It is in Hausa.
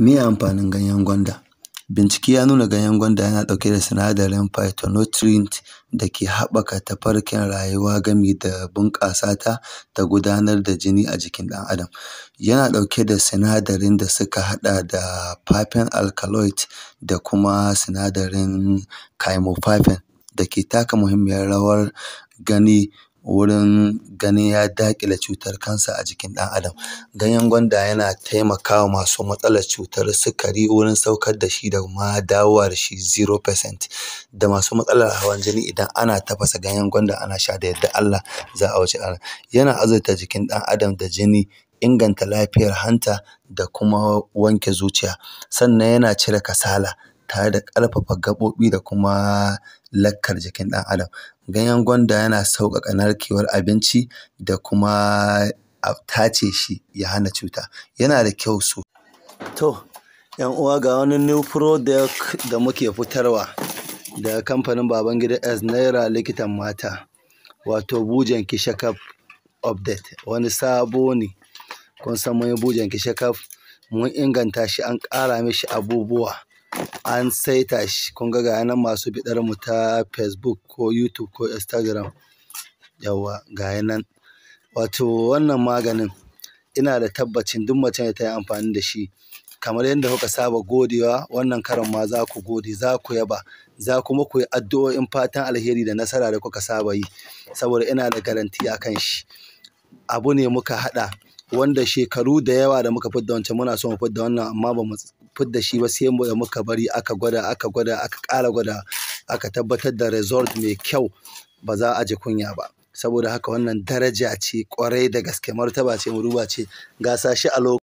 Me amfanin ganyen gwanda? Bincike ya nuna ganyen gwanda yana ɗauke da sinadarin phytonutrient da ke haɓaka tafarkin rayuwa gami da bunƙasa ta da gudanar da jini a jikin ɗan-adam. Yana ɗauke da sinadarin da suka haɗa da papen alkaloid da kuma sinadarin chemotaphin da ke taka muhimmiyar rawar gani wurin ganin ya daƙile cutar kansa a jikin ɗan adam. Ganyen gwanda yana taimakawa masu matsalar cutar sukari wurin saukar da shi da ma dawowa shi 0% Da masu matsalar hawan jini idan ana tafasa ganyen gwanda ana sha da yadda Allah za a wuce ana Yana azurta jikin ɗan adam da jini, inganta lafiyar hanta da kuma wanke zuciya. Sannan yana cire kasala. tare da ƙarfafa gaɓoɓi da kuma lakkar jikin ɗan adam. Ganyen gwanda yana sauƙaƙa narkewar abinci da kuma a tace shi ya hana cuta. Yana da kyau so. To, ‘yan uwa ga wani new product da muke fitarwa da kamfanin Babangida S Naira likitan mata, wato bujen kishakaf update wani sabo ne. Kun san mun yi bujen kishakaf mun inganta shi an ƙara mishi abubuwa. an saita shi kun ga ga masu bidar mu ta facebook ko youtube ko instagram yawa ga nan wato wannan maganin ina da tabbacin duk mace da ta yi amfani da shi kamar yadda kuka saba godewa wannan karan ma za ku gode za ku yaba za kuma ku yi addu'o'in fatan alheri da nasara da kuka saba yi saboda ina da a kan shi abu ne muka haɗa wanda shekaru da yawa da muka fidda wancan muna so mu fidda wannan amma ba mu fidda shi ba sai mu da muka bari aka gwada aka gwada aka ƙara gwada aka tabbatar da resort mai kyau ba za a ji kunya ba saboda haka wannan daraja ce kwarai da gaske martaba ce muruba ce gasa shi a